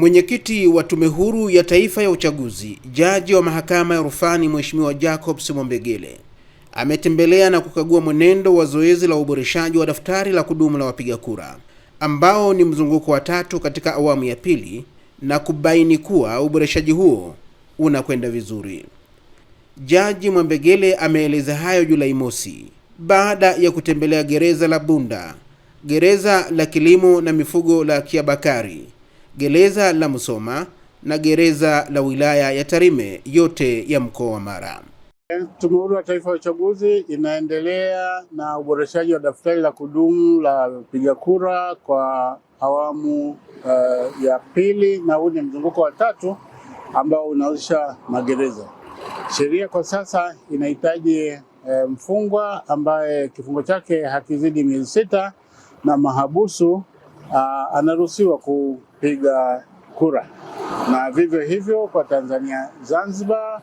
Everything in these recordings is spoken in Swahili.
Mwenyekiti wa Tume Huru ya Taifa ya Uchaguzi, jaji wa mahakama ya rufani Mheshimiwa Jacobs Mwambegele ametembelea na kukagua mwenendo wa zoezi la uboreshaji wa daftari la kudumu la wapiga kura ambao ni mzunguko wa tatu katika awamu ya pili na kubaini kuwa uboreshaji huo unakwenda vizuri. Jaji Mwambegele ameeleza hayo Julai mosi baada ya kutembelea gereza la Bunda, gereza la kilimo na mifugo la Kiabakari gereza la Musoma na gereza la wilaya ya Tarime yote ya mkoa wa Mara. Tume Huru ya Taifa ya Uchaguzi inaendelea na uboreshaji wa daftari la kudumu la piga kura kwa awamu uh, ya pili, na huu ni mzunguko wa tatu ambao unahusisha magereza. Sheria kwa sasa inahitaji eh, mfungwa ambaye kifungo chake hakizidi miezi sita na mahabusu uh, anaruhusiwa ku kupiga kura, na vivyo hivyo kwa Tanzania Zanzibar.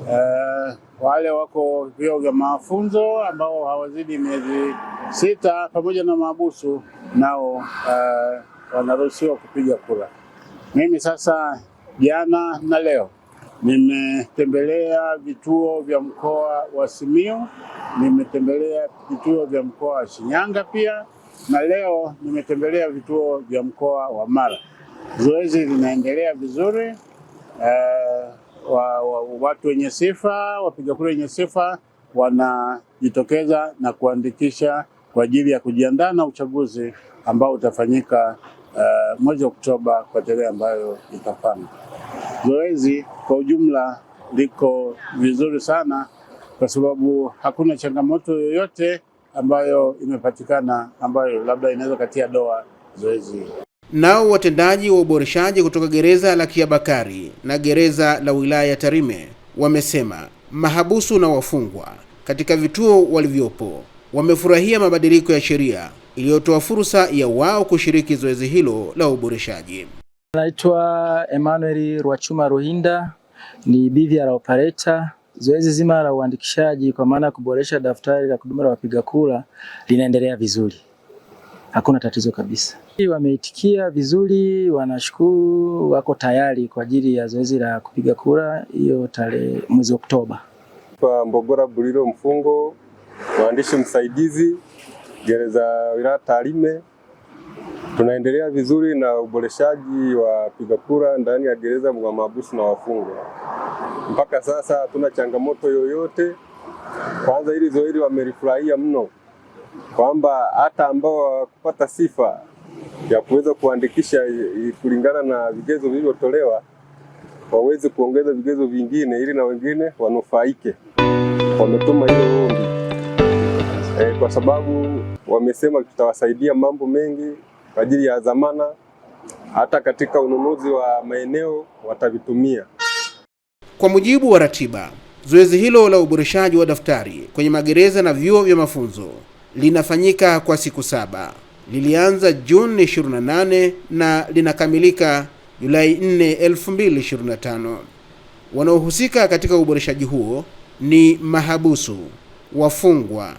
Uh, wale wako vyuo vya mafunzo ambao hawazidi miezi sita pamoja na maabusu nao uh, wanaruhusiwa kupiga kura. Mimi sasa jana na leo nimetembelea vituo vya mkoa wa Simiyu, nimetembelea vituo vya mkoa wa Shinyanga pia na leo nimetembelea vituo vya mkoa wa Mara. Zoezi linaendelea vizuri. Uh, wa, wa, watu wenye sifa, wapiga kura wenye sifa wanajitokeza na kuandikisha kwa ajili ya kujiandaa na uchaguzi ambao utafanyika uh, mwezi Oktoba kwa tarehe ambayo itapangwa. Zoezi kwa ujumla liko vizuri sana kwa sababu hakuna changamoto yoyote ambayo imepatikana ambayo labda inaweza katia doa zoezi. Nao watendaji wa uboreshaji kutoka gereza la Kiabakari na gereza la wilaya ya Tarime wamesema mahabusu na wafungwa katika vituo walivyopo wamefurahia mabadiliko ya sheria iliyotoa fursa ya wao kushiriki zoezi hilo la uboreshaji. Naitwa Emmanuel Rwachuma Ruhinda, ni BVR operator. Zoezi zima la uandikishaji kwa maana ya kuboresha daftari la kudumu la wapiga kura linaendelea vizuri hakuna tatizo kabisa. Wameitikia vizuri, wanashukuru, wako tayari kwa ajili ya zoezi la kupiga kura hiyo tarehe mwezi Oktoba. Kwa Mbogora Buliro Mfungo, mwandishi msaidizi gereza wilaya Tarime, tunaendelea vizuri na uboreshaji wa piga kura ndani ya gereza mwa mahabusu na wafungwa. Mpaka sasa hatuna changamoto yoyote. Kwanza hili zoezi wamelifurahia mno kwamba hata ambao hawakupata sifa ya kuweza kuandikisha kulingana na vigezo vilivyotolewa waweze kuongeza vigezo vingine ili na wengine wanufaike. Wametuma hiyo ombi e, kwa sababu wamesema tutawasaidia mambo mengi kwa ajili ya dhamana, hata katika ununuzi wa maeneo watavitumia. Kwa mujibu wa ratiba, zoezi hilo la uboreshaji wa daftari kwenye magereza na vyuo vya mafunzo linafanyika kwa siku saba. Lilianza Juni 28 na linakamilika Julai 4, 2025. Wanaohusika katika uboreshaji huo ni mahabusu, wafungwa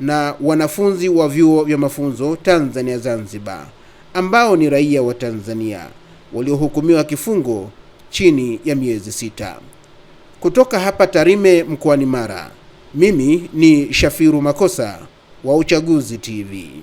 na wanafunzi wa vyuo vya mafunzo Tanzania Zanzibar, ambao ni raia wa Tanzania waliohukumiwa kifungo chini ya miezi sita. Kutoka hapa Tarime mkoani Mara, mimi ni Shafiru Makosa wa Uchaguzi TV.